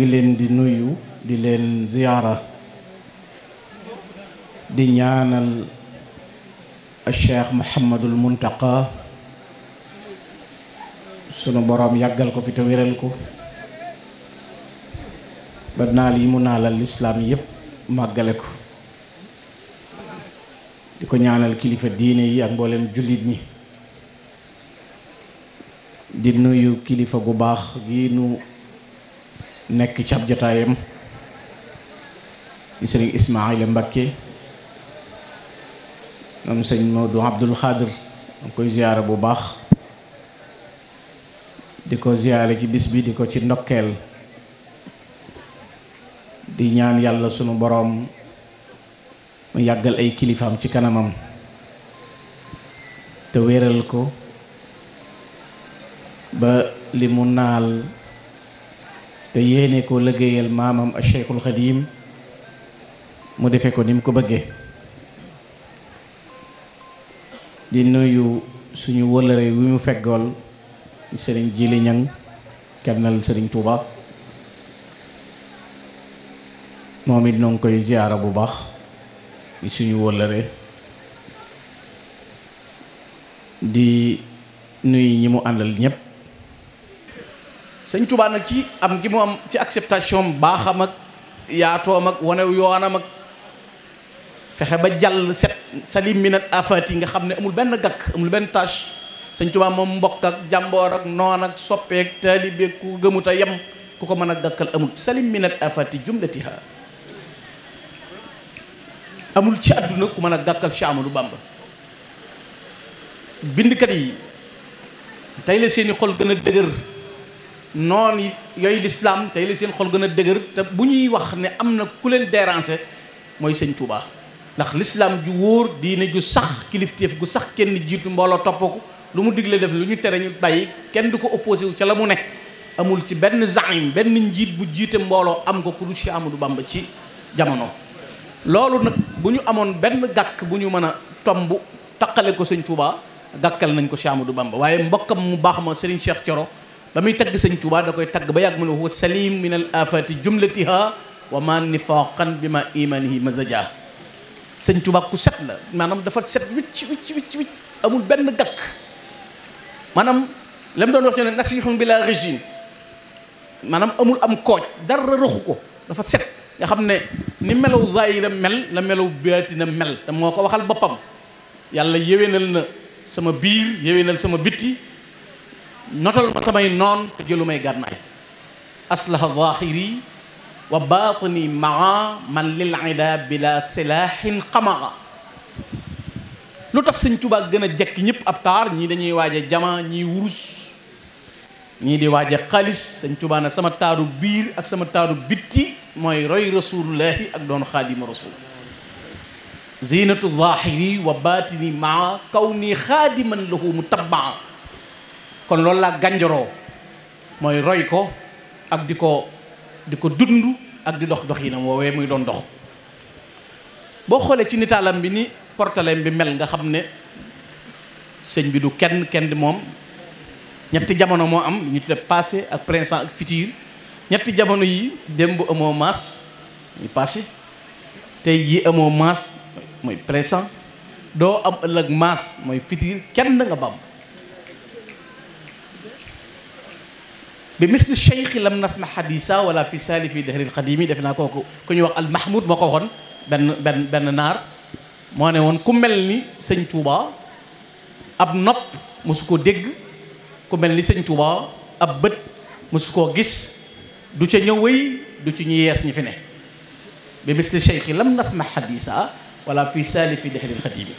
ngi leen di nuyu di leen ziyaara di ñaanal Cheikh Muhammadul Muntaqa sunu boroom yàggal ko fi te wéral ko ba naal yi mu naalal lislaam yépp màggale ko di ko ñaanal kilifa diine yi ak mboolem jullit ñi di nuyu kilifa gu baax gi nu nekk ci ab jataayam di sëriñ Ismaayla Mbakke moom sëñ Maodo Abdul Xaadir am koy ziyaara bu baax di ko ziyaare ci bis bi di ko ci ndokkeel di ñaan yàlla sunu boroom mu yàggal ay kilifaam ci kanamam te wéeral ko ba li mu naal te yéene ko liggéeyal maamam ak Cheikhul Xadim mu defe ko ni mu ko bëggee di nuyu suñu wëlëre wi mu feggool sëriñ Jili Ñang kennal sëriñ Touba moom it noo koy ziyaara bu baax di suñu wëlëre di nuyu ñi mu àndal ñëpp sëñ Tuubaa nag ci am gi mu am ci acceptation baaxam ak yaatoom ak wane yoonam ak fexe ba jàll set salim minat afati nga xam ne amul benn gàkk amul benn tâche sëñ Tuubaa moom mbokk ak jàmboor ak noon ak soppeek taalibe ku gëmut a ku ko mën a gàkkal amul salim minat afati jumlatiha amul ci àdduna ku mën a gàkkal Cheikh Amadou Bamba bindkat yi tey la seeni xol gën a dëgër noonu yooyu lislaam tey li seen xol gën a dëgër te bu ñuy wax ne am na ku leen déranger mooy sëñ Touba ndax lislaam ju wóor diine ju sax kilifteef gu sax kenn jiitu mbooloo topp lu mu digle def lu ñu tere ñu bàyyi kenn du ko opposé wu ca la mu nekk amul ci benn zaim benn njiit bu jiite mbooloo am ko ku du Cheikh Amadou Bamba ci jamono. loolu nag bu ñu amoon benn gàkk bu ñu mën a tomb taqale ko sëñ Touba gàkkal nañ ko Cheikh Amadou Bamba waaye mbokkam mu baax ma Serigne Cheikh ba muy tagg sëñ da koy tagg ba yàgg mu ne huwa salim min al afati jumlatiha wa ma nifaqan bi ma imanihi mazaja sëñ Tuubaa ku set la maanaam dafa set wicc wicc wicc wicc amul benn gàkk maanaam la mu doon wax ñu ne nasihun bila régine maanaam amul am kooj dara rëxu ko dafa set nga xam ne ni melaw zaahira mel la melaw baatina mel te moo ko waxal boppam yàlla yéwénal na sama biir yéwénal sama bitti notal ma samay noon jëlu may gànnaay aslaha zahiri wa batini ma man lil ida bila silaahin xamaa lu tax sëñ Tuubaa gën a jekki ñépp ab taar ñii dañuy waaje jama ñii wurus ñii di waaje xaalis sëñ Tuubaa na sama taaru biir ak sama taaru bitti mooy roy rasulullahi ak doon xaadima rasul zinatu zahiri wa batini maa kaw nii lahu mutabaa kon loolu laa gànjaroo mooy roy ko ak di ko di ko dund ak di dox dox yi na woowee muy doon dox boo xoolee ci nitaalam bi ni portaleem bi mel nga xam ne sëñ bi du kenn kenn di moom ñetti jamono moo am ñu tudde passé ak présent ak futur ñetti jamono yi démb amoo maas muy passé tey jii amoo maas mooy présent doo am ëllëg maas mooy futur kenn nga bam bi misli cheikhi lam nasma hadisa wala fi salifi dahril qadimi def naa kooku ku ñuy wax al mahmoud moo ko waxoon benn benn benn naar moo woon ku ni sëñ Touba ab nopp mosu koo dégg ku ni sëñ Touba ab bët mosu koo gis du ca ñëw wéy du ci ñu fi ne bi misli cheikhi lam nasma hadisa wala fi salifi dahril qadimi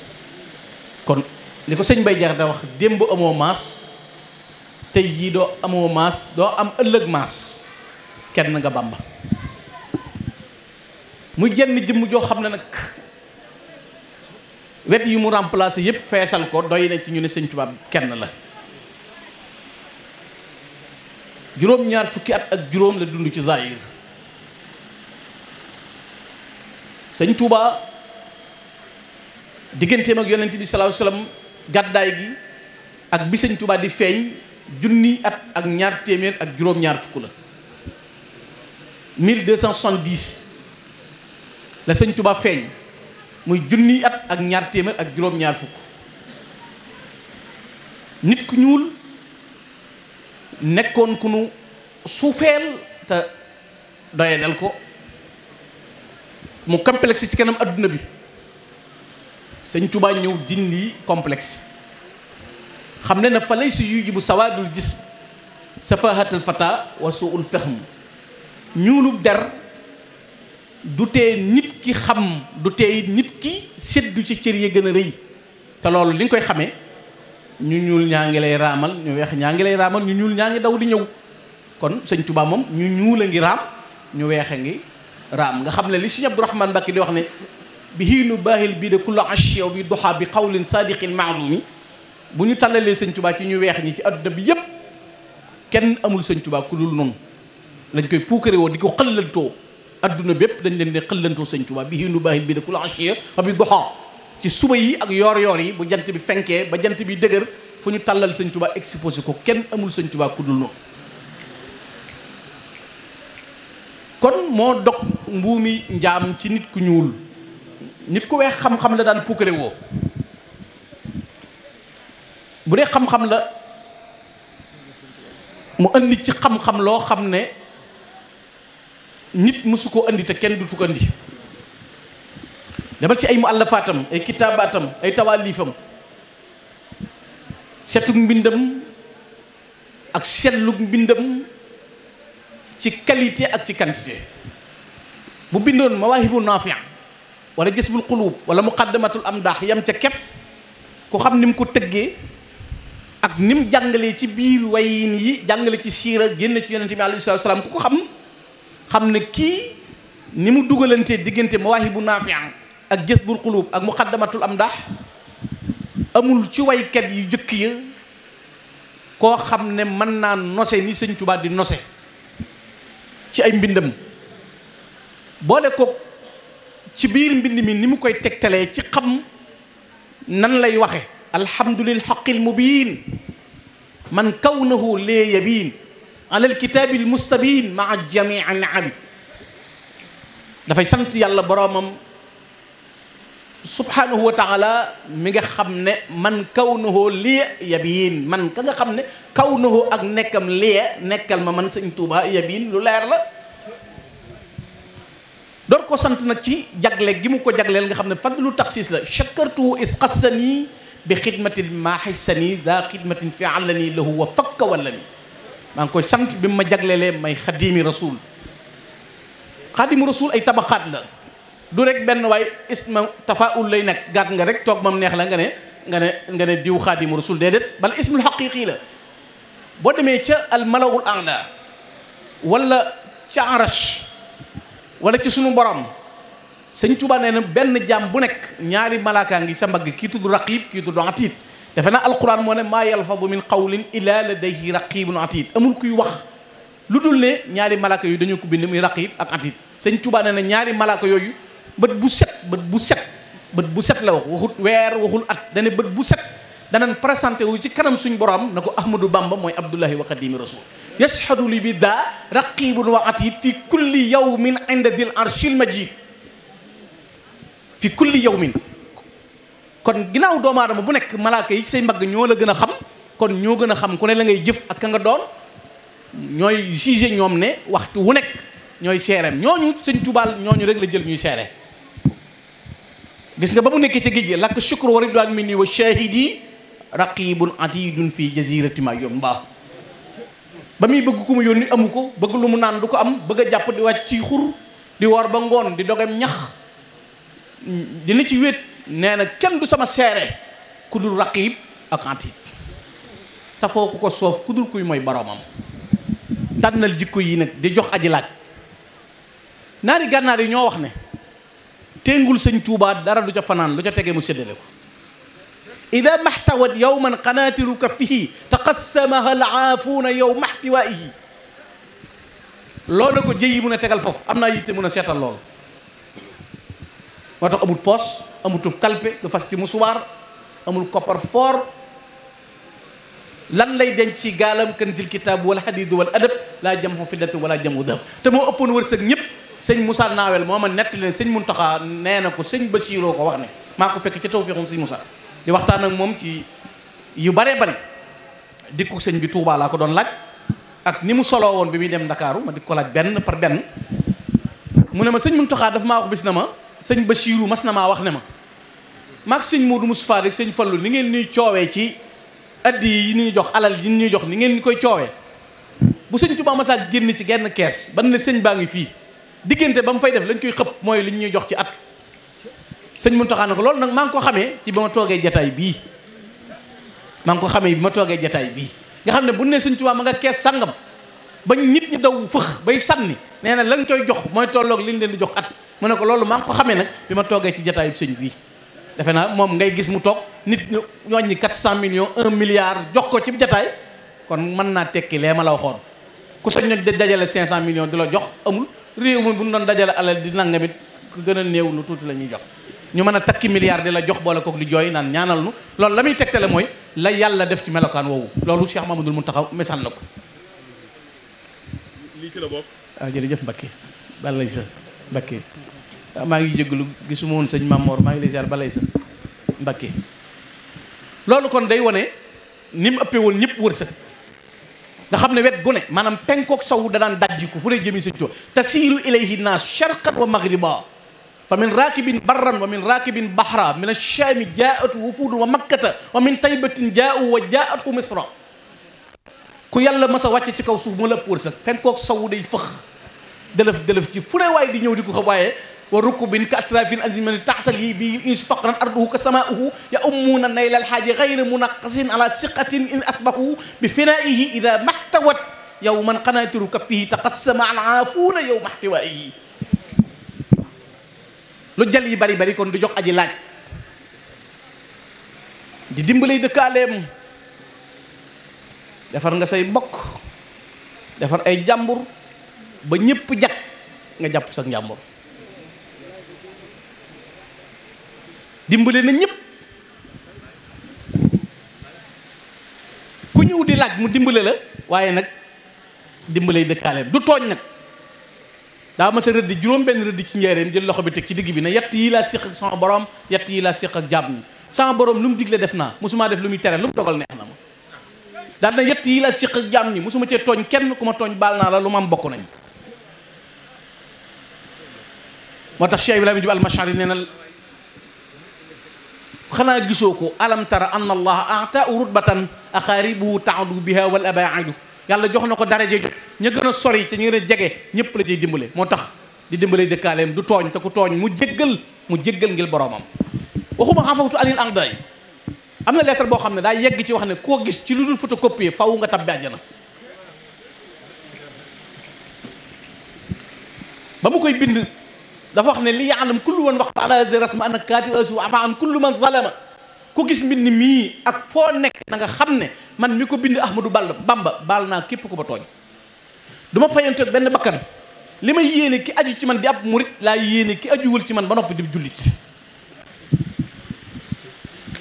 kon li ko sëñ Bay Jaxate wax démb amoo maas tey jii doo amoo maas doo am ëllëg maas kenn nga bàmba mu jenn jëmm joo xam ne nag wet yi mu remplacé yëpp feesal ko doy na ci ñu ne sëñ Tuubaa kenn la juróom-ñaar fukki at ak juróom la dund ci Zaïr sëñ Tuubaa digganteem ak yonent bi sallallahu alayhi gàddaay gi ak bi sëñ Tuubaa di feeñ junniy at ak ñaar téeméer ak juróom-ñaar fukk la 1270 la sëñ Tuba feeñ muy junni at ak ñaar téeméer ak juróom-ñaar fukk nit ku ñuul nekkoon ku nu suufeel te doyadal ko mu complexe ci kanam adduna bi sëñ Tuba ñëw dindi complex xam ne na fa lay si yujibu sawaadul jism safahatal fata wa suul fahm ñuulub der du tee nit ki xam du tee nit ki séddu ci cër yi gën a rëy te loolu li nga koy xamee ñu ñuul ñaa ngi lay raamal ñu weex ñaa ngi lay raamal ñu ñuul ñaa ngi daw di ñëw kon sëñ Tuubaa moom ñu ñuul a ngi raam ñu weex a ngi raam nga xam ne li sëñ Abdourahman Mbàkke di wax ne bi hiinu baahil bii de kullu ash yow bi doxaa bi xawlin sadiqin maalumi bu ñu tàllalee sëñ tubaa ci ñu weex ñi ci adduna bi yépp kenn amul sëñ tubaa ku dul noonu dañ koy puukare woo di ko xëllantoo adduna bépp dañ leen ne xëllantoo sëñ tubaa bi hindu baaxil bi da ku a achiya wa bi doxaa ci suba yi ak yoor yoor yi bu jant bi fenkee ba jant bi dëgër fu ñu tàllal sëñ tubaa exposé ko kenn amul sëñ tubaa ku dul noonu kon moo dog mbuumi njaam ci nit ku ñuul nit ku weex xam-xam la daan puukare woo bu dee xam-xam la mu indi ci xam-xam loo xam ne nit mësu koo indi te kenn dutu ko demal ci ay muallafaatam ay kitaabatam ay tawalifam setuk mbindam ak setluk mbindam ci qualité ak ci quantité bu bindoon mawaahibu naafi wala jësbul xuluub wala muqaddamatul amdaax yam ca képp ku xam ni mu ko tëggee ni mu jàngalee ci biir wayin yi jàngale ci siira génn ci yonente bi alayhi salaam ku ko xam xam ne kii ni mu dugalantee diggante mawaahibu naafian ak jazbul qulub ak am amdah amul ci waykat yu jëkk ya koo xam ne mën naa nose ni sëñ Tuubaa di nose ci ay mbindam boole ko ci biir mbind mi ni mu koy tegtalee ci xam nan lay waxe alhamdulil haqqil mubiin man kawnahu lee yabiin alal kitaabil mustabiin maa jamii al abid dafay sant yàlla boroomam subhanahu wa taala mi nga xam ne man kawnahu lee yabiin man ka nga xam ne kawnahu ak nekkam lee nekkal ma man sëñ Tuubaa yabiin lu leer la door ko sant nag ci jagleel gi mu ko jagleel nga xam ne fadlu taxis la shakartu is qassani bi xidmatin maa xissani daa xidmatin fi àllani lahu wa fakka walla ni maa ngi koy sant bi mu ma jaglelee may xadiimi rasuul xadiimi rasuul ay tabaxaat la du rek benn waay isma tafaul lay nag gàtt nga rek toog mam neex la nga ne nga ne nga ne diw xaadimu rasul déedéet bala ismul xaqiqi la boo demee ca al malawul a'la wala ca arash wala ci sunu borom sëñ Tuubaa nee na benn jaam bu nekk ñaari malaakaa ngi sa mbagg kii tudd raqib kii tudd atiid defe al alquran moo ne maa yalfadu min qawlin illa ladayhi raqibun atid amul kuy wax lu dul ne ñaari malaka yooyu dañoo ko bi bind muy raqib ak atid sëñ Tuubaa nee na ñaari malaka yooyu bët bu set bët bu set bët bu set la wax waxut weer waxul at dane bët bu set danañ présenté wu ci kanam suñ borom na ko ahmadou bamba mooy abdullahi wa xadimi rasul yashhadu li bi daa raqibun wa atid fi kulli yawmin inda dil arshil majid fi kulli yawmin kon ginnaaw doomu aadama bu nekk malaaka yi say mbagg ñoo la gën a xam kon ñoo gën a xam ku ne la ngay jëf ak ka nga doon ñooy jugé ñoom ne waxtu wu nekk ñooy seereem ñooñu sëñ tubaal ñooñu rek la jël ñuy seere gis nga ba mu nekkee ca géej gi lakk shukru wa ridwaan minni wa shahidi yi atidun fi jazirati ma yoon mbaa ba muy bëgg ko mu yónni amu ko bëgg lu mu naan du ko am bëgg a jàpp di wàcc ci xur di woor ba ngoon di dogem ñax dina ci wét nee nag kenn du sama seere ku dul raqib ak antit tafoo ku ko soof ku dul kuy mooy boroomam tànnal jikko yi nag di jox aji laaj naari gànnaar yi ñoo wax ne téngul sëñ tuubaat dara du ca fanaan lu ca tegee mu séddale ko ida maxtawat yowman qanaatiruka fihi taqassamaha alaafuuna yow maxtiwaihi loo na ko yi mun a tegal foofu am naa yitte mun a seetal lool moo tax amul poos amutub kalpe du fas ci musuwaar amul koppar foor lan lay denc ci gaalam kanzil kitaab wala hadiid wala adab laa jëm xo fiddatu wala jam wu dëb te moo ëppoon wërsëg ñëpp sëñ Moussa Nawel moo ma nett leen sëñ Muntaxa nee na ko sëñ Basiiroo ko wax ne maa ko fekk ca tawfeexum sëñ Moussa di waxtaan ak moom ci yu baree bari dikku sëñ bi Touba laa ko doon laaj ak ni mu soloo woon bi muy dem Ndakaaru ma di ko laaj benn par benn ne ma sëñ Muntaxa daf maa na ma sëñ Bachirou mas na maa wax ne ma maag sëñ Modou Moustapha rek sëñ Fallou ni ngeen ñuy coowee ci addi yi ñuy jox alal yi ñuy jox ni ngeen ñu koy coowee bu sëñ ma Massa génn ci genn kees ban ne sëñ baa ngi fii diggante ba mu fay def lañ koy xëpp mooy li ñuy jox ci at sëñ Mountakha ne ko loolu nag maa ngi ko xamee ci ba toogee jataay bii maa ngi xamee bi ma toogee jataay bii nga xam ne bu ne sëñ Touba ma nga kees sàngam ba nit ñi daw fëx bay sànni nee na lañ koy jox mooy tolloog liñ leen di jox at mu ne ko loolu maa ngi ko xamee nag bi ma toogee ci jataayu sëñ bii defe naa moom ngay gis mu toog nit ñu wàññi quatre cent millions un milliar jox ko ci jataay kon mën naa tekki lee ma la waxoon ku soñ nag dajale cinq cent millions di la jox amul réew mi bu ñu doon dajale alal di nanga mit ku gën a néew lu tuuti la ñuy jox ñu mën a takki milliard di la jox boole kook di jooy naan ñaanal nu loolu la muy tegtale mooy la yàlla def ci melokaan woowu loolu Cheikh Mamadou Mountakha mesal na ko lii ci la bokk waaw ah, jërëjëf Mbacké bàlla maa ngi jégalu gisuma woon sëñ Mamor maa ngi lay ziar balay sa Mbakke loolu kon day wone ni mu ëppee woon ñëpp wërsëg nga xam ne wet gu ne maanaam penkook sow da daan dajjiku fu ne jëmi sëñ Tuubaa tasiiru ilayhi naas sharqan wa maghriba fa min raakibin barran wa min raakibin bahra min ash-shaami jaa'atu wufuudun wa makkata wa min taybatin jaa'u wa jaa'atu misra ku yàlla mas sa wàcce ci kaw suuf mu la ëpp wërsëg penkook sow day fëx dëlëf dëlëf ci fu ne ñëw di ko xam wa rukubin ka atrafin azimin taxtali bi in stoqran arduhu ka samaa'uhu ya ummuna nayla alxaaji gayra munaqasin ala siqatin in asbahu bi finaihi ida maxtawat yowman qanaatiru kaffihi taqassama alaafuuna yow maxtiwaayihi lu jal yi bari bari kon di jox aji laaj di dimbalay dëkkaaleem defar nga say mbokk defar ay jàmbur ba ñépp jag nga jàpp sa njàmbur dimbale na ñëpp ku ñëw di laaj mu dimbale la waaye nag dimbale dëkkaaleem du tooñ nag daa ma sa rëdd juróom benn rëdd ci njeereem jël loxo bi teg ci digg bi ne yett yi laa séq ak sama borom yett yi laa séq ak jàmm ni sama borom lu mu digle def naa mosuma def lu muy tere lu mu dogal neex na ma daal na yett yi laa séq ak jàmm ñi mosuma cee tooñ kenn ku ma tooñ baal naa la lu ma bokk nañ moo tax Cheikh Ibrahima Jub Almachari nee na xanaa gisoo ko alam tara anna allaha ata rutbatan aqaaribu taadu biha wal abaaidu yàlla jox na ko dara jot ña gën a sori te ñu gën a jege ñëpp la ciy dimbale moo tax di dimbale dëkkaaleem du tooñ te ku tooñ mu jëggal mu jéggal ngir boroomam waxuma xafawtu anil ardaayi am na lettre boo xam ne daa yegg ci wax ne koo gis ci lu dul photocopie faw nga tabbi àjjana ba mu koy bind dafa wax ne li yaalam kullu man waxtu ala rasma ana kaati asu afa an kullu man zalama ku gis mbind mii ak foo nekk na nga xam ne man mi ko bind Ahmadou Ball Bamba baal naa képp ku ma tooñ du ma benn bakkan li may yéene ki aju ci man di ab murit laa yéene ki ajuwul ci man ba noppi di jullit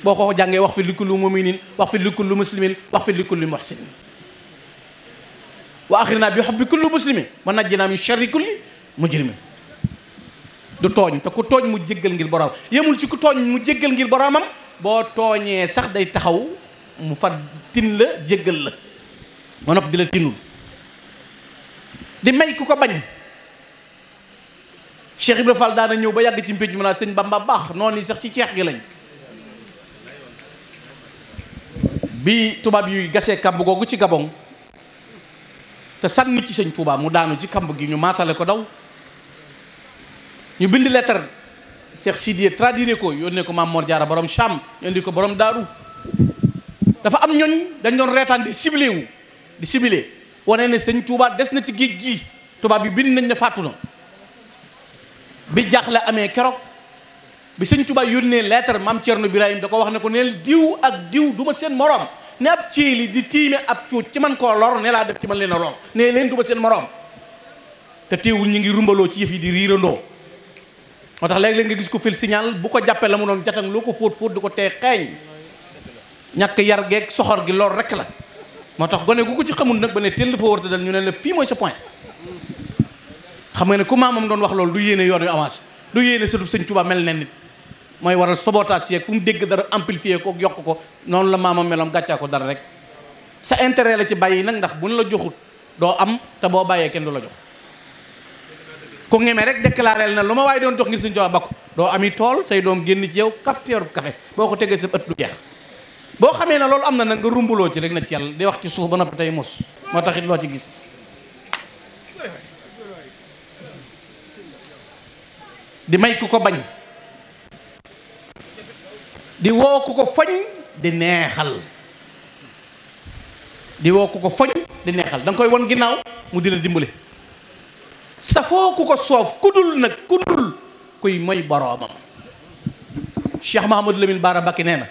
boo ko jàngee wax fi li kulli muminin wax fi li kulli muslimin wax fi li kulli muhsinin wa axirna bi xubbi kulli muslimin wa najjina min sharri du tooñ te ku tooñ mu jéggal ngir borom yemul ci ku tooñ mu jéggal ngir boromam boo tooñee sax day taxaw mu fat tin la jéggal la ma nopp di la tinul di may ku ko bañ Cheikh ba Fall daana ñëw ba yàgg ci mpéj mu naa sëñ Bamba baax noonu sax ci ceex gi lañ bi tubaab yuy gasee kamb googu ci Gabon te sànni ci sëñ Touba mu daanu ci kamb gi ñu maasale ko daw ñu bind lettre Cheikh Sidiye traduire ko yónnee ko maam Mor Diarra borom Cham indi ko borom Daaru dafa am ñooñ dañ doon reetaan di ciblé wu di ciblé wane ne sëñ Touba des na ci géej gii tubaab bi bind nañ ne fàttu na bi jaaxle amee keroog bi sëñ Touba yónnee lettre maam Thierno Birahim da ko wax ne ko neel diw ak diw du ma seen moroom ne ab ciili di tiime ab cuut ci man koo lor ne laa def ci man leen a lor ne leen du seen moroom te teewul ñu ngi rumbaloo ci yëf yi di riirandoo moo tax léeg-léeg nga gis ko fil signal bu ko jàppee la mu doon jatang loo ko fóot fóot di ko tee xeeñ ñàkk yar geeg soxor gi lool rek la moo tax gone gu ko ci xamul nag ba ne teel dafa wërta dal ñu ne la fii mooy sa point xam nga ne ku maamam doon wax loolu du yéene yoon yu avancé du yéene surtout sëñ Tuubaa mel ne nit mooy waral sabotage yeeg fu mu dégg dara amplifié kook yokk ko noonu la maamam meloom gàccaa ko dara rek sa intérêt la ci bàyyi nag ndax buñ la joxut doo am te boo bàyyee kenn du la jox ku ngeme rek déclaré na lu ma waaye doon jox ngir suñ Tuubaa bakku doo ami tool say doom génn ci yow kaf kafe boo ko tegee sa ëtt du jeex boo xamee ne loolu am na nag nga rumbuloo ci rek na ci yàlla di wax ci suuf ba noppi tey mos moo taxit loo ci gis di ku ko bañ di woo ko foñ di neexal di woo ku ko foñ di neexal danga koy won ginnaaw mu di la dimbale safoo ku ko soof ku dul nag ku dul kuy mooy boroomam cheikh mahamad lamin baara bakki nee na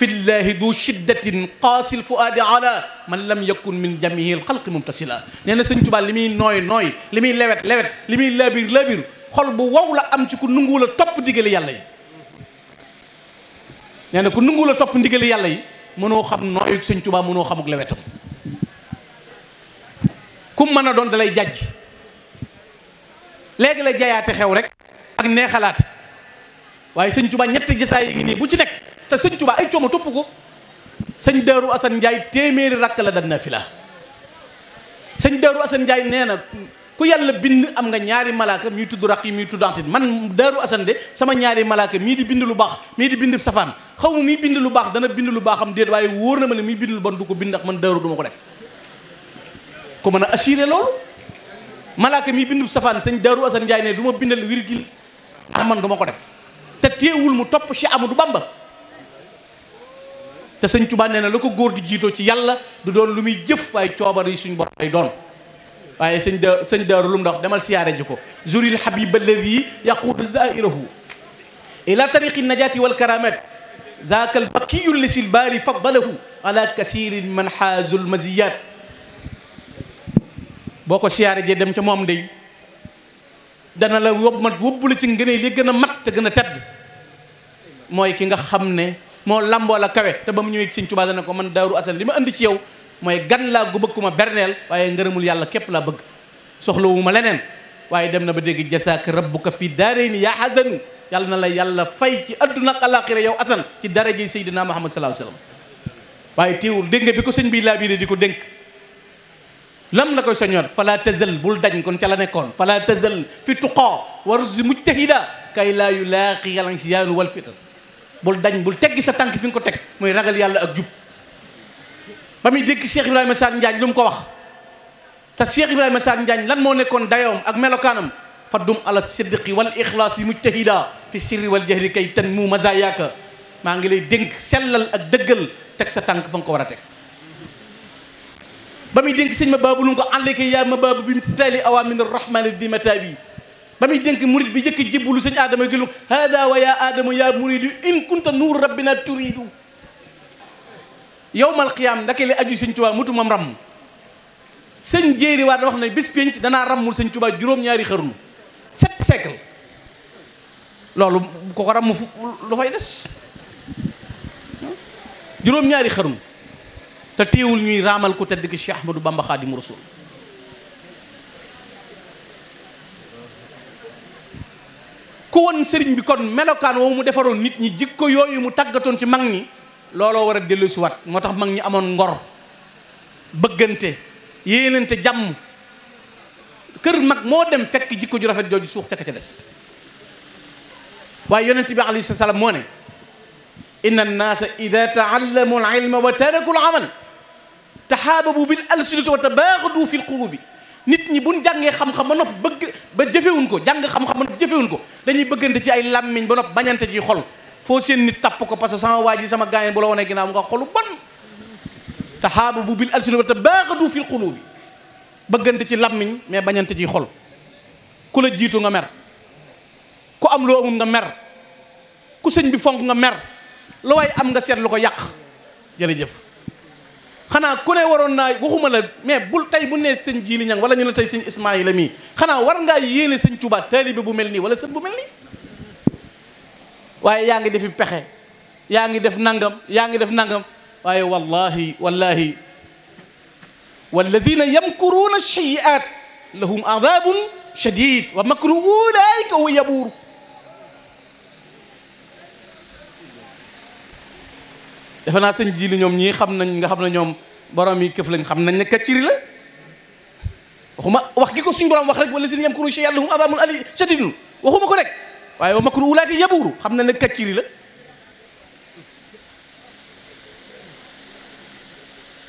fillaahi du shiddatin qaasil fuaadi ala man lam yakun min jamihi alxalqi mumtasila nee na sëñ tubaa li muy nooy nooy li muy lewet lewet li muy labir labir xol bu wow la am ci ku nunguwul a topp ndigali yàlla yi nee na ku nunguwul topp ndigali yàlla yi mënoo xam nooyu sëñ tubaa mënoo xamuk lewetam kum mën a doon dalay jàjj léegi la jayaate xew rek ak nee xalaat waaye sëñ Tuba ñett jataay yi ngi nii bu ci nekk te sëñ Tuba ay coomo topp ko sëñ Darou Assane Ndiaye téeméeri rakk la daan nafila sëñ Darou Assane Ndiaye nee na ku yàlla bind am nga ñaari malaaka muy tudd rakk yi muy tudd antit man Darou Assane de sama ñaari malaaka mii di bind lu baax mii di bind safaan xaw ma muy bind lu baax dana bind lu baaxam déet waaye wóor na ma ne muy bind lu bon du ko bind ndax man Darou duma ko def malaaka mi bindu safaan sañ Daaru Asan ne du ma bindal wirgil ah man ko def te teewul mu topp Cheikh Amadou Bamba te sëñ Tuubaa nee na la ko góor di jiitoo ci yàlla du doon lu muy jëf waaye coobar yi suñ borom lay doon waaye sëñ da sëñ Daaru lu mu dox demal siyaare ji ko juril habib alladi yaquudu zairahu ila tariqi najaati wal karamat zaakal bakkiyu lisil baari faddalahu ala kasirin man xaazul maziyat boo ko siyaare jee dem ca moom day dana la wob mat wóbbu la ci ngënee li gën a mat te gën a tedd mooy ki nga xam ne moo lamboo la kawe te ba mu ñëwee sëñ Tuubaa dana ko man daaru asan li ma indi ci yow mooy gan laa gu bëgg ma berneel waaye ngërëmul yàlla képp laa bëgg soxlawu ma leneen waaye dem na ba dégg jasaak rabbuka fi daarayni yaa xasanu yàlla na la yàlla fay ci adduna ak alaxira yow asan ci daraje Seydina Muhammad sallallahu alayhi wa sallam waaye teewul bi di ko dénk lam la koy soññoon fala tazal bul dañ kon ca la nekkoon fala tazal fi tuqaa warsi mujtahida kay laa yu laaqi alansiyaan wal fitan bul dañ bul teggi sa tànk fi nga ko teg muy ragal yàlla ak jub ba muy dégg Cheikh Ibrahima Sarr Njaañ lu mu ko wax te Cheikh Ibrahima Sarr Njaañ lan moo nekkoon dayoom ak melokaanam fa faddum ala sidqi wal ixlaasi mujtahida fi sirri wal jahri kay tan mu mazayaka maa ngi lay dénk sellal ak dëggal teg sa tànk fa ko war a teg ba muy dénk sëñ ma baabu lu ko àllaka yaa ma baabu bi si taali awaamin arrahmani di mataabi ba muy dénk murid bi jëkk jibbulu sëñ aadama gëlu hada wa ya aadama ya muridu in kunta nuur rabbina turidu yowmal qiyaam ndake li aju sëñ tubaa mutu moom ramm sëñ jéeri waat wax na bis penc danaa rammul sëñ tubaa juróom-ñaari xarnu sept siècle loolu ko ko ramm fu lu fay des juróom-ñaari xarnu te téewul ñuy raamal ku tedd ki Cheikh Ahmadou Bamba Xaadimu Rasuul ku woon sëriñ bi kon melokaan woowu mu defaroon nit ñi jikko yooyu mu tàggatoon ci mag ñi looloo war a dellu si wat moo tax mag ñi amoon ngor bëggante yéenante jàmm kër mag moo dem fekk jikko ju rafet jooju suux ca ka ca des waaye yonent bi alayhi salaam moo ne inna annaasa ida taallamu alilma wa taraku alamal te taxaababu bil alsinati wa tabaagadu fil qulubi nit ñi buñ jàngee xam-xam ba nopp bëgg ba jëfewuñ ko jàng xam-xam ba nopp jëfewuñ ko dañuy bëggante ci ay làmmiñ ba nopp bañante ci xol foo seen nit tapp ko parce que sama waa ji sama gaañeen bu la wanee ginnaaw nga xolu bon bu bil alsinati a tabaagadu fil qulubi bëggante ci làmmiñ mais bañante ci xol ku la jiitu nga mer ku am loo amul nga mer ku sëñ bi fonk nga mer lu waaye am nga seet lu ko yàq jërëjëf xanaa ku ne waroon naa waxuma la mais bul tey bu nee sëñ Jili Ñang wala ñu ne tey sëñ Ismaayila mii xanaa war ngaa yéene sëñ Tuubaa taalibe bu mel nii wala sët bu mel nii waaye yaa ngi defi pexe yaa ngi def nangam yaa ngi def nangam waaye wallahi wallahi walladina yamkuruuna sayi'aat lahum adabun shadid wa makru ulaika wa yabuur defe naa sëñ ji li ñoom ñii xam nañ nga xam ne ñoom borom yi këf lañ xam nañ ne kacciri la waxuma wax gi ko suñ borom wax rek wala si yam ko ci yàlla hum adabun ali shadidun waxuma ko rek waaye wa makru ulaaka yabuuru xam na ne kacciri la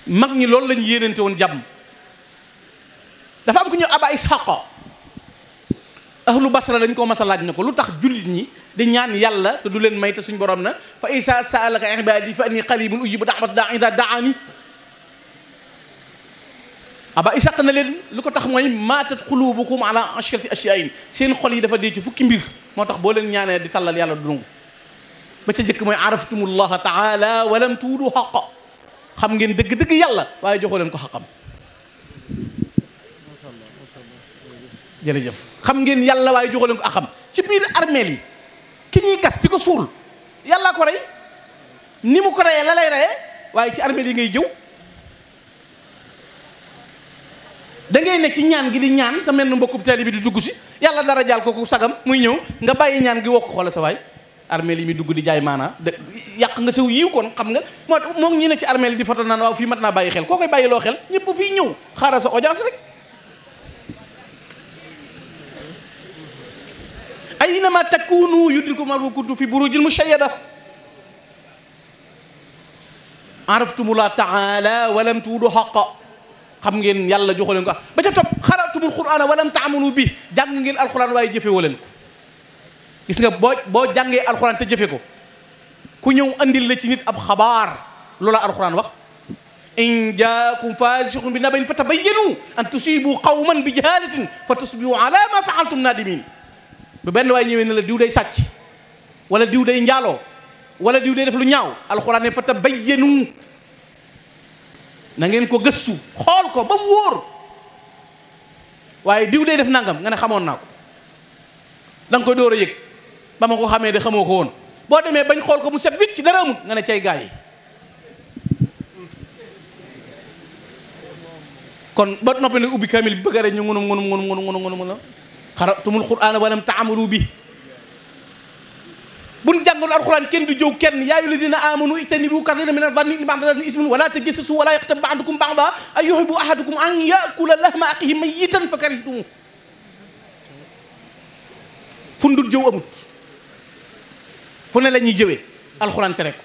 mag ñi loolu lañu yéenante woon jàmm dafa am ku ñu aba ishaqa ahlu basra dañ koo mas a laaj na ko lu tax jullit ñi di ñaan yàlla te du leen may te suñ borom na fa isa saalaka ibadi fa ani qaribun ujibu da'wat da'i idha da'ani aba isaq na leen lu ko tax mooy maatat qulubukum ala ashrati ashyain seen xol yi dafa dee ci fukki mbir moo tax boo leen ñaanee di tallal yàlla du nangu ba ca njëkk mooy araftumullah taala walam tuudu xaqa xam ngeen dëgg-dëgg yàlla waaye joxoo leen ko xaqam jërëjëf xam ngeen yàlla waaye joxoo leen ko ci biir armeel yi ki ñuy gas di ko suul yàllaa ko rey ni mu ko reyee la lay reyee waaye ci armée yi ngay jëw da ngay ne ci ñaan gi di ñaan sa mel ni mbokku taali bi dugg si yàlla dara jaal ko ku sagam muy ñëw nga bàyyi ñaan gi wokk xoola sa waay armée li muy dugg di jaay maanaa de yàq nga sew yiw kon xam nga moo moom ñi ne ci armée li di foto naan waaw fii mat naa bàyyi xel koo koy bàyyi loo xel ñëpp fii ñëw xaaral sa audience rek aynama takunu yudrikum al kuntum fi burujil mushayyada araftumullah taala walam tuudu xaqa xam ngeen yàlla joxu leen ko ba ca topp xaratumul qur'ana walam taamalu bi jàng ngeen alxuraan waaye jëfewoo leen ko gis nga boo boo jàngee alxuraan te jëfe ko ku ñëw andil la ci nit ab xabaar loola alxuraan wax in jaakum faasiqun bi nabain fa tabayyanu an tusibu qawman bi jahalatin fa tusbihu ala ma faaltum nadimin bu benn waay ñëwee ne la diw day sàcc wala diw day njaaloo wala diw day def lu ñaaw alxuraan ne fa bay na ngeen ko gëstu xool ko ba mu wóor waaye diw day def nangam nga ne xamoon naa ko da nga koy door a yëg ba ma ko xamee de xamoo ko woon boo demee bañ xool ko mu set wicc dara amul nga ne cay gaa yi kon ba noppi ne ubbi kamil bi bëgg rek ñu ngunum ngunum ngunum ngunum ngunum la xaratumul qur'aana walam taamalu bi buñ jàngal alquran kenn du jëw kenn yaa ayyuhallazina amanu ijtanibu kathiran mina zanni inna ba'da zanni ismun wala tajassasu wala yaqtab ba'dukum ba'da an yuhibbu ahadukum an yakula lahma axihi mayyitan fa karihtumuh fu ndul jëw amut fu ne la ñuy jëwee alxuraan tere ko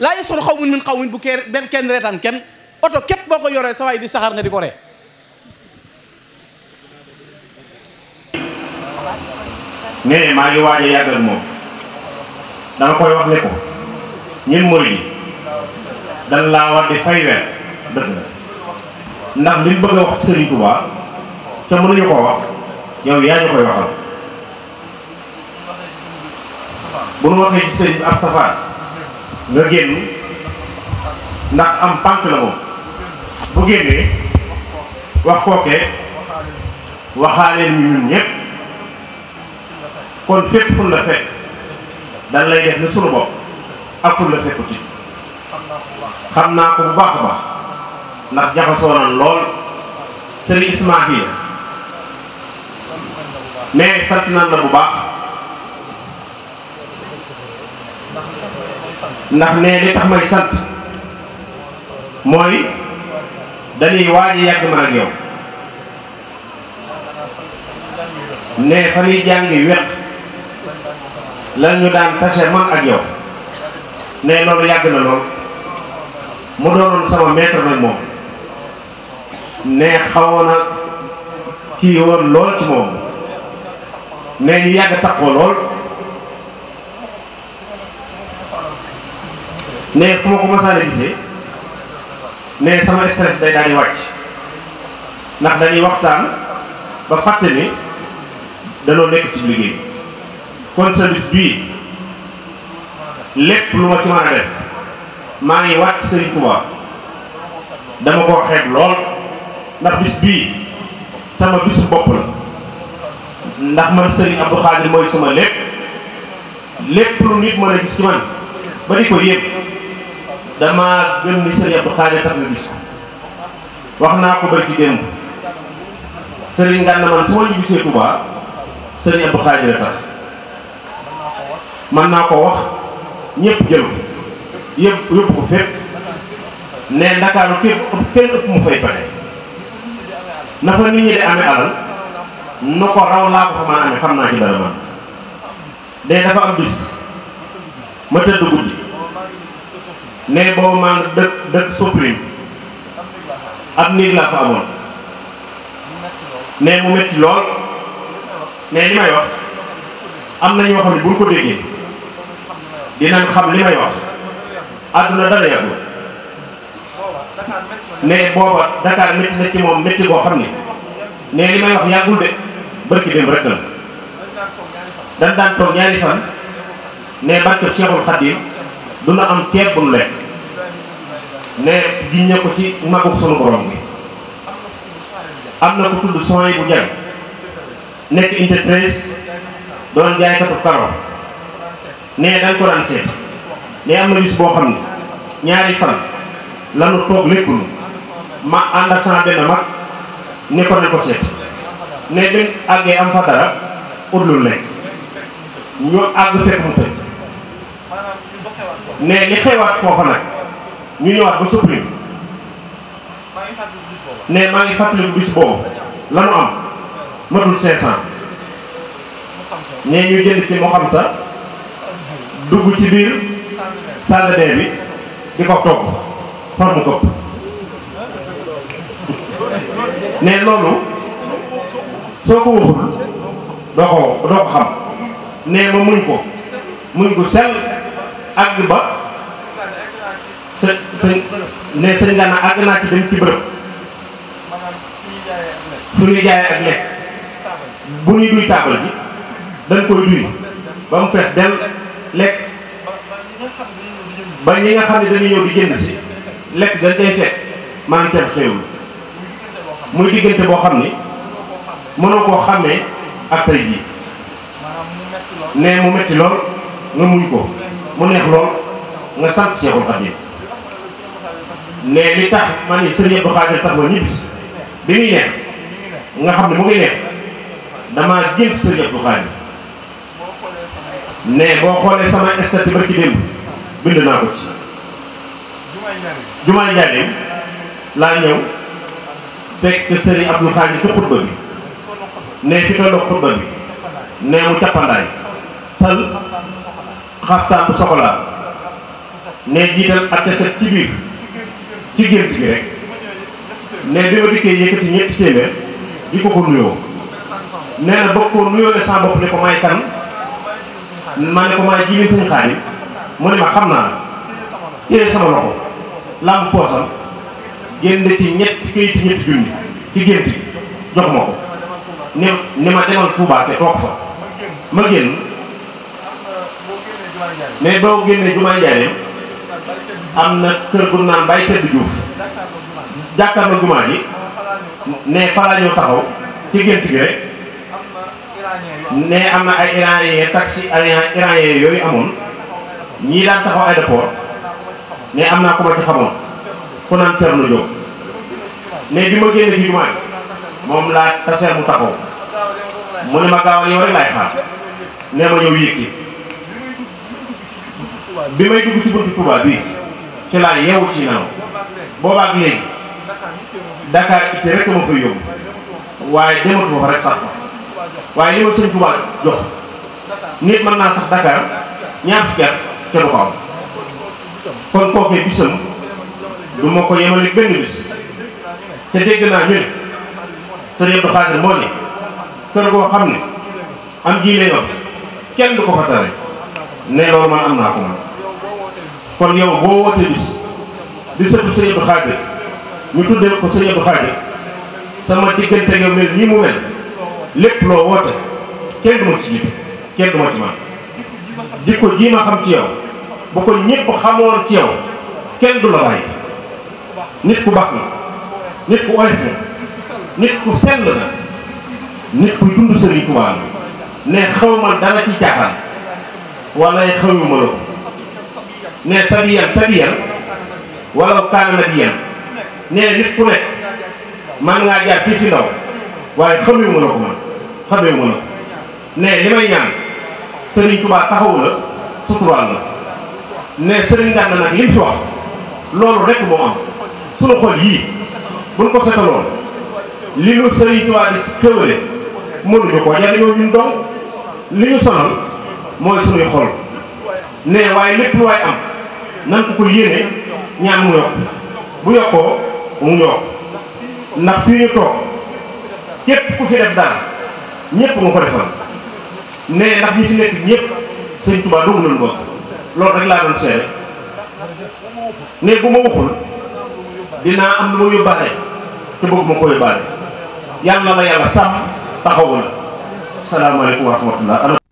laa yasxar xawmun min xawmin bu kee benn kenn reetaan kenn oto képp boo ko yoree sa waay di saxaar nga di ko ree nee maa ngi waaj a moom dama koy wax ne ko ñun murid yi dañ laa war di fay weer dëgg la ndax li ñu bëgg a wax Serigne Touba te mënuñu koo wax yow yaa ñu koy waxal bu nu waxee sëriñ ab safaan nga génn ndax am pànk la moom bu génnee wax kookee waxaaleen ñu ñun ñëpp kon fépp fu la fekk dan lay def ni sunu bopp ak fu la fekkuti xam naa ko bu baax a baax ndax jaxasoo nan lool sëriñ Ismaahil mais sant nan la bu baax ndax nee li tax may sant mooy dañuy waaj yàgg ma ak yow ne fa ñuy jàngi wet lan ñu daan tase man ak yow ne loolu yàgg na lool mu doonoon sama maître nag moom ne xawoon a kii woon lool ci moom ne ñu yàgg takkoo lool ne fu ma ko masaale gisee ne sama stress day daal di wàcc ndax dañuy waxtaan ba fàtte ni danoo nekk ci liggéey kon sa bis bii lépp lu ma ci mën a def maa ngi wàcc Serigne Touba dama koo xeeb lool ndax bis bii sama bisu bopp la ndax man Serigne Abdou Khadir mooy sama lépp lépp lu nit mën a gis ci man ba di ko yëg damaa gën ni Serigne Abdou Khadir tax na gis ko wax naa ko bari ci démb Serigne Gana man su ma ñu gisee Touba Serigne Abdou Khadir man naa ko wax ñëpp jël yëpp yëpp ko fépp ne ndakaaru képp kenn ëpp mu fay pare na fa nit ñi di amee alal nu ko raw laa ko fa mën xam naa ci dara man de dafa am bis ma tëdd guddi ne boobu maa dëkk dëkk supprime ab néeg laa fa amoon ne mu métti lool ne li may wax am na ñoo xam ne buñ ko déggee dinañ xam li may wax àdduna dara yàggul ne booba Dakar métti na ci moom métti boo xam ne ne li may wax yàggul de barki dem rek la dañ daan toog ñaari fan ne barke Cheikhul Khadim du na am ceeb bu nu lekk ne giñ ko ci magug sunu borom bi am na ku tudd sooy bu jàng nekk unité 13 doon jaaykatu karo nee dañ ko daan seet nee am na bis boo xam ne ñaari fan lanu toog lékkul ma ànd ak sama benn mag ne ko ne ko seet ne bi àggee am fa dara ut lekk ñu àgg fekk mu tëj ne li xewaat foofa nag ñu ñëwaat ba supplim ne maa ngi fàttaliku bis boobu lanu am matul 500 ne ñu jënd ci moo xam sa dugg ci biir salle bi di ko togg far mu këpp loolu soo ko waxul doo ko xam ne ma muñ ko muñ ko sell àgg ba sa sa ne sëñ Gana àgg naa ci dem ci bërëb su ñuy ak lekk bu ñuy duy taabal ji dañ koy duy ba mu fees dell lekk ba ñi nga xam ne dañuy ñëw di jënd si lekk dañ koy fekk maanaam teel xéwlu muy diggante boo xam ni mënoo koo xàmmee ak tey jii ne mu metti lool nga muñ ko mu neex lool nga sant Seexul Xadiim ne li tax man ni Sëriñ Abdou Khadre tax ma ñibbisi bi muy neex nga xam ne mu ngi neex damaa jënd Sëriñ Abdou Khadre ne boo xoolee sama statut ba ci démb bind naa ko ci jumaay njaareem laa ñëw fekk sëriñ Abdou Khadre ci xutba bi ne fi tolloog xutba bi ne mu cappandaay sal xaftaan bu ne jiital ak set ci biir ci gént gi rek ne bi ma dikkee yëkkati ñetti téeméer di ko ko nuyoo nee na bokkoo nuyoo ne saa bopp ne ko may kan ma ne ko maa jiwee sëñ Xaadim mu ne ma xam naa téye sama loxo làmb poosam génn ci ñetti këyit ñetti junni ci gént gi jox ma ko ne ne ma demal Touba te toog fa ma génn mais boo génnee jumaa Njaareem am na kër gu naan bàyyi tëdd Juuf jàkkaarloo jumaa ji ne fa la taxaw ci gént gi rek. ne am na ay iranien taxi iranien yooyu amoon ñii daan taxaw aéroport ne am naa ko ma ci xamoon ku naan Thierno Diop ne bi moom laa taseel mu taxaw mu ne ma gaawal yow rek laay xaar ne ma ñëw yéeg bi may dugg ci buntu Touba bii ci laa yeewu ci naaw boobaak léegi Dakar itte rek ma koy yóbbu waaye dematu rek sax waaye li ma sëriñ Tuubaa jox nit mën naa sax Dakar ñaar fukki at te ko am kon kookee bisam du ma ko yemale benn bis te dégg naa ñu ne sëriñ Abdou Xaadir kër goo xam ne am ji lay kenn du ko fa tare ne loolu am naa ko kon yow boo bis di sëtu sëriñ Abdou ñu tuddee ko sëriñ Abdou sama diggante yow mel nii mu mel lépp loo woote kenn du ma ci jiite kenn du ci man jikko ji ma xam ci yow bu ko ñëpp xamoon ci yow kenn du la bàyyi nit ku baax na nit ku oyof na nit ku sell na nit ku dund Sëriñ Tuubaa ne xaw ma dara ci caaxaan wala xawuma la ko ne sabiyan sabiyan wala kaana nabiyan ne nit ku nekk man ngaa jaar ci fi waaye xamee mën a ko man xamee mën a ko ne li may ñaan Serigne Touba taxawu la suturaal la ne Serigne Gana nag li mu loolu rek moo am sunu xol yii buñ ko setaloon li ñu Serigne Touba di xéwale mënuñu ko jariñoo ñun dong li ñu sonal mooy sunuy xol ne waaye lépp lu waay am nan ko ko yéene ñaan mu yokk bu yokkoo mu yokk ndax fii ñu toog képp ku fi def dara ñëpp nga ko defal ne ndax ñi fi nekk ñëpp sëñ Tuubaa doomu nañu bokk loolu rek laa doon seere ne bu ma waxul dinaa am lu ma yóbbaale te bëgg ma ko yóbbaale yàlla la yàlla sàmm taxawu la salaamaaleykum wa rahmatullah